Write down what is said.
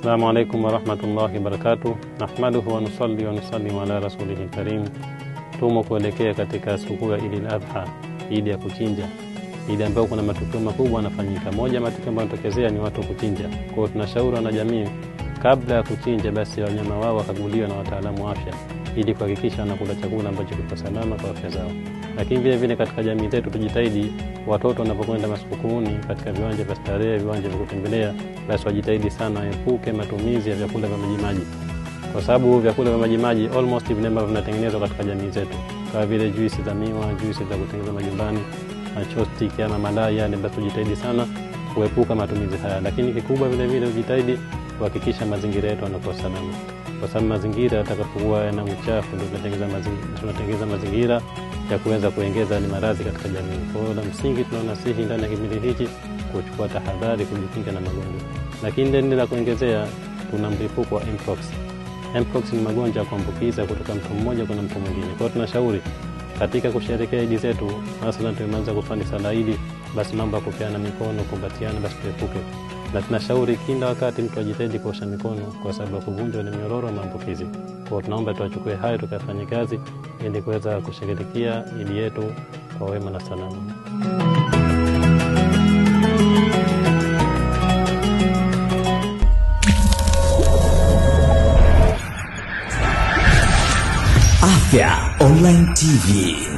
Assalamu alaikum warahmatullahi wabarakatuh. Nahmaduhu wa nusalli wa nusallimu ala rasulihi karim. Tumo kuelekea katika sikukuu ya Idi al-Adha, Idi ya kuchinja, Idi ambayo kuna matukio makubwa yanafanyika. Moja ya matukio ambayo yanatokezea ni watu kuchinja. Kwa hiyo tunashauri wanajamii, kabla ya kuchinja, basi wanyama wao wakaguliwa na wataalamu wa afya, ili kuhakikisha wanakula chakula ambacho kiko salama kwa afya zao. Lakini vile vile katika jamii zetu tujitahidi, watoto wanapokwenda masukukuni, katika viwanja vya starehe, viwanja vya kutembelea, basi wajitahidi sana waepuke matumizi ya vyakula vya majimaji, kwa sababu vyakula vya majimaji almost vinaemba vinatengenezwa katika jamii zetu, kama vile juisi za miwa, juisi za kutengeneza majumbani, machostik ama malai yale, basi tujitahidi sana kuepuka matumizi haya. Lakini kikubwa vile vile ujitahidi kuhakikisha mazingira yetu yanakuwa salama, kwa sababu mazingira yatakapokuwa yana uchafu ndio tunatengeza mazingira ya kuweza kuengeza ni maradhi katika jamii. Kwa hiyo la msingi tunaonasihi ndani ya kipindi hichi kuchukua tahadhari, kujikinga na magonjwa. Lakini leni la kuongezea, kuna mlipuko wa mpox. Mpox ni magonjwa ya kuambukiza kutoka mtu mmoja kwenda mtu mwingine. Kwa hiyo tunashauri katika kusherekea Idi zetu, hasa tumeanza kufanya sala Idi, basi mambo ya kupeana mikono, kukumbatiana, basi tuepuke na tunashauri kila wakati mtu ajitahidi kuosha mikono kwa sababu ya kuvunjwa na mnyororo wa maambukizi. Kwa tunaomba tuachukue hayo tukafanye kazi ili kuweza kushughulikia ili yetu kwa wema na salama. Afya Online TV.